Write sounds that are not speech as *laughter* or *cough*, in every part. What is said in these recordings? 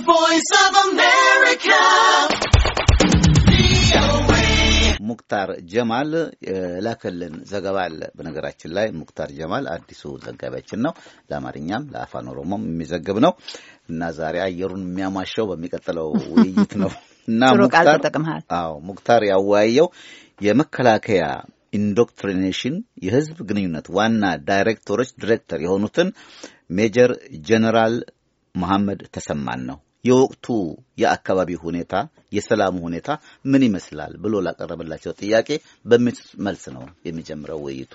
The ሙክታር ጀማል የላከልን ዘገባ አለ። በነገራችን ላይ ሙክታር ጀማል አዲሱ ዘጋቢያችን ነው። ለአማርኛም ለአፋን ኦሮሞም የሚዘግብ ነው እና ዛሬ አየሩን የሚያሟሸው በሚቀጥለው ውይይት ነው *laughs* እና ሙክታር ያወያየው የመከላከያ ኢንዶክትሪኔሽን የህዝብ ግንኙነት ዋና ዳይሬክተሮች ዲሬክተር የሆኑትን ሜጀር ጀነራል መሐመድ ተሰማን ነው። የወቅቱ የአካባቢ ሁኔታ የሰላሙ ሁኔታ ምን ይመስላል ብሎ ላቀረበላቸው ጥያቄ በሚስ መልስ ነው የሚጀምረው ውይይቱ።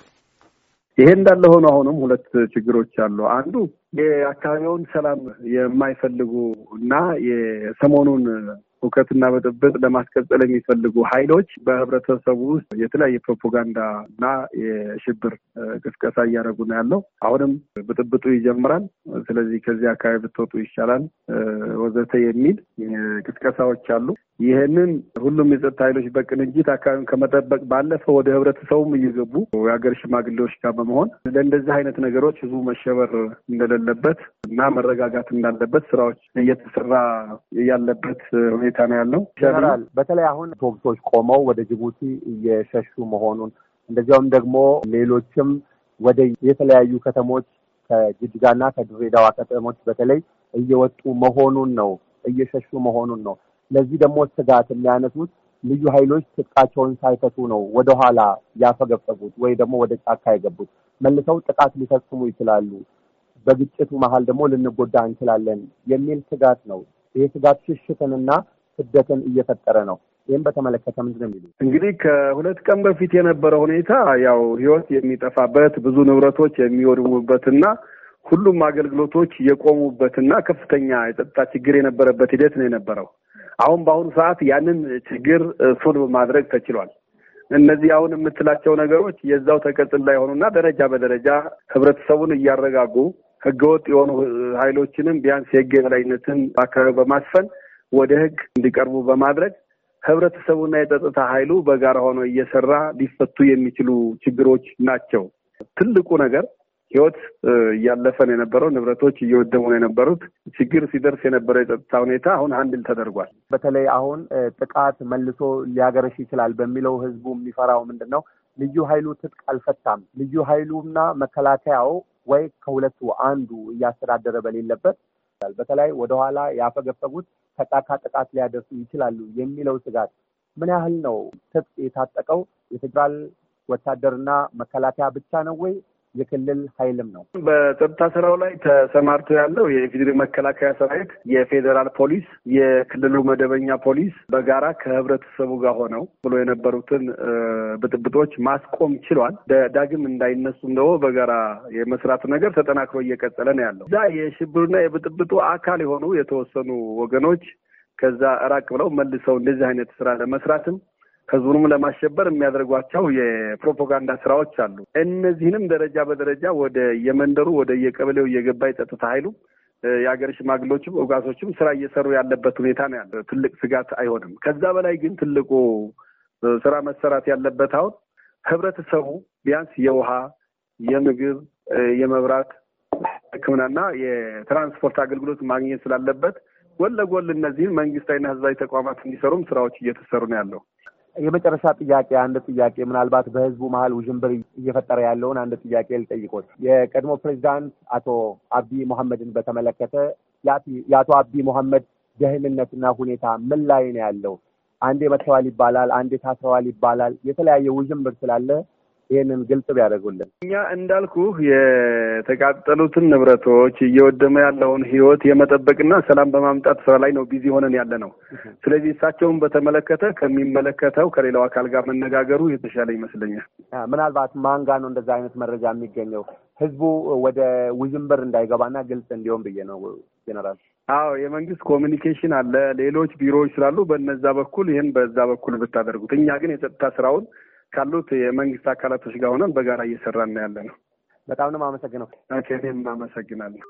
ይሄ እንዳለ ሆኖ አሁንም ሁለት ችግሮች አሉ። አንዱ የአካባቢውን ሰላም የማይፈልጉ እና የሰሞኑን ሁከትና ብጥብጥ ለማስቀጠል የሚፈልጉ ኃይሎች በህብረተሰቡ ውስጥ የተለያየ ፕሮፓጋንዳ እና የሽብር ቅስቀሳ እያደረጉ ነው ያለው። አሁንም ብጥብጡ ይጀምራል። ስለዚህ ከዚህ አካባቢ ብትወጡ ይሻላል ወዘተ የሚል ቅስቀሳዎች አሉ። ይህንን ሁሉም የጸጥታ ኃይሎች በቅንጅት አካባቢውን ከመጠበቅ ባለፈ ወደ ህብረተሰቡም እየገቡ የሀገር ሽማግሌዎች ጋር በመሆን ለእንደዚህ አይነት ነገሮች ህዝቡ መሸበር እንደሌለበት እና መረጋጋት እንዳለበት ስራዎች እየተሰራ ያለበት ሁኔታ ነው ያለው። ጀነራል፣ በተለይ አሁን ቶብሶች ቆመው ወደ ጅቡቲ እየሸሹ መሆኑን እንደዚያውም ደግሞ ሌሎችም ወደ የተለያዩ ከተሞች ከጅጅጋና ከድሬዳዋ ከተሞች በተለይ እየወጡ መሆኑን ነው እየሸሹ መሆኑን ነው ለዚህ ደግሞ ስጋት የሚያነሱት ልዩ ኃይሎች ትጥቃቸውን ሳይፈቱ ነው ወደኋላ ያፈገፈጉት ወይ ደግሞ ወደ ጫካ የገቡት። መልሰው ጥቃት ሊፈጽሙ ይችላሉ፣ በግጭቱ መሀል ደግሞ ልንጎዳ እንችላለን የሚል ስጋት ነው። ይህ ስጋት ሽሽትንና ስደትን እየፈጠረ ነው። ይህም በተመለከተ ምንድን ነው የሚሉት? እንግዲህ ከሁለት ቀን በፊት የነበረ ሁኔታ ያው ህይወት የሚጠፋበት ብዙ ንብረቶች የሚወድሙበትና ሁሉም አገልግሎቶች የቆሙበትና ከፍተኛ የጸጥታ ችግር የነበረበት ሂደት ነው የነበረው። አሁን በአሁኑ ሰዓት ያንን ችግር ሶልቭ ማድረግ ተችሏል። እነዚህ አሁን የምትላቸው ነገሮች የዛው ተቀጽል ላይ ሆኑና ደረጃ በደረጃ ህብረተሰቡን እያረጋጉ ህገወጥ የሆኑ ኃይሎችንም ቢያንስ የህግ የበላይነትን አካባቢ በማስፈን ወደ ህግ እንዲቀርቡ በማድረግ ህብረተሰቡና የጸጥታ ኃይሉ በጋራ ሆኖ እየሰራ ሊፈቱ የሚችሉ ችግሮች ናቸው። ትልቁ ነገር ህይወት እያለፈ ነው የነበረው፣ ንብረቶች እየወደሙ ነው የነበሩት። ችግር ሲደርስ የነበረው የጸጥታ ሁኔታ አሁን አንድል ተደርጓል። በተለይ አሁን ጥቃት መልሶ ሊያገረሽ ይችላል በሚለው ህዝቡ የሚፈራው ምንድን ነው? ልዩ ኃይሉ ትጥቅ አልፈታም። ልዩ ኃይሉና መከላከያው ወይ ከሁለቱ አንዱ እያስተዳደረ በሌለበት በተለይ ወደኋላ ያፈገፈጉት ተቃካ ጥቃት ሊያደርሱ ይችላሉ የሚለው ስጋት ምን ያህል ነው? ትጥቅ የታጠቀው የፌዴራል ወታደርና መከላከያ ብቻ ነው ወይ የክልል ኃይልም ነው። በጸጥታ ስራው ላይ ተሰማርቶ ያለው የኢፌዴሪ መከላከያ ሰራዊት፣ የፌዴራል ፖሊስ፣ የክልሉ መደበኛ ፖሊስ በጋራ ከህብረተሰቡ ጋር ሆነው ብሎ የነበሩትን ብጥብጦች ማስቆም ችሏል። ዳግም እንዳይነሱ ደግሞ በጋራ የመስራት ነገር ተጠናክሮ እየቀጠለ ነው ያለው። እዛ የሽብሩና የብጥብጡ አካል የሆኑ የተወሰኑ ወገኖች ከዛ ራቅ ብለው መልሰው እንደዚህ አይነት ስራ ለመስራትም ህዝቡንም ለማሸበር የሚያደርጓቸው የፕሮፓጋንዳ ስራዎች አሉ። እነዚህንም ደረጃ በደረጃ ወደ የመንደሩ ወደ የቀበሌው የገባ የጸጥታ ኃይሉ የሀገር ሽማግሌዎችም እውጋቶችም ስራ እየሰሩ ያለበት ሁኔታ ነው ያለ። ትልቅ ስጋት አይሆንም። ከዛ በላይ ግን ትልቁ ስራ መሰራት ያለበት አሁን ህብረተሰቡ ቢያንስ የውሃ የምግብ፣ የመብራት፣ ሕክምናና የትራንስፖርት አገልግሎት ማግኘት ስላለበት ጎን ለጎን እነዚህን መንግስታዊና ህዝባዊ ተቋማት እንዲሰሩም ስራዎች እየተሰሩ ነው ያለው። የመጨረሻ ጥያቄ አንድ ጥያቄ ምናልባት በህዝቡ መሀል ውዥንብር እየፈጠረ ያለውን አንድ ጥያቄ ልጠይቆት። የቀድሞ ፕሬዚዳንት አቶ አብዲ ሙሐመድን በተመለከተ የአቶ አብዲ ሙሐመድ ደህንነትና ሁኔታ ምን ላይ ነው ያለው? አንዴ መጥተዋል ይባላል፣ አንዴ ታስረዋል ይባላል። የተለያየ ውዥንብር ስላለ ይህንን ግልጽ ቢያደርጉልን። እኛ እንዳልኩህ የተቃጠሉትን ንብረቶች እየወደመ ያለውን ህይወት የመጠበቅና ሰላም በማምጣት ስራ ላይ ነው ቢዚ ሆነን ያለ ነው። ስለዚህ እሳቸውን በተመለከተ ከሚመለከተው ከሌላው አካል ጋር መነጋገሩ የተሻለ ይመስለኛል። ምናልባት ማንጋ ነው እንደዛ አይነት መረጃ የሚገኘው? ህዝቡ ወደ ውዥንብር እንዳይገባና ግልጽ እንዲሆን ብዬ ነው ጀነራል። አዎ የመንግስት ኮሚኒኬሽን አለ፣ ሌሎች ቢሮዎች ስላሉ በነዛ በኩል ይህን በዛ በኩል ብታደርጉት። እኛ ግን የጸጥታ ስራውን ካሉት የመንግስት አካላቶች ጋር ሆነን በጋራ እየሰራን ያለ ነው። በጣም ነው የማመሰግነው። እኔም አመሰግናለሁ።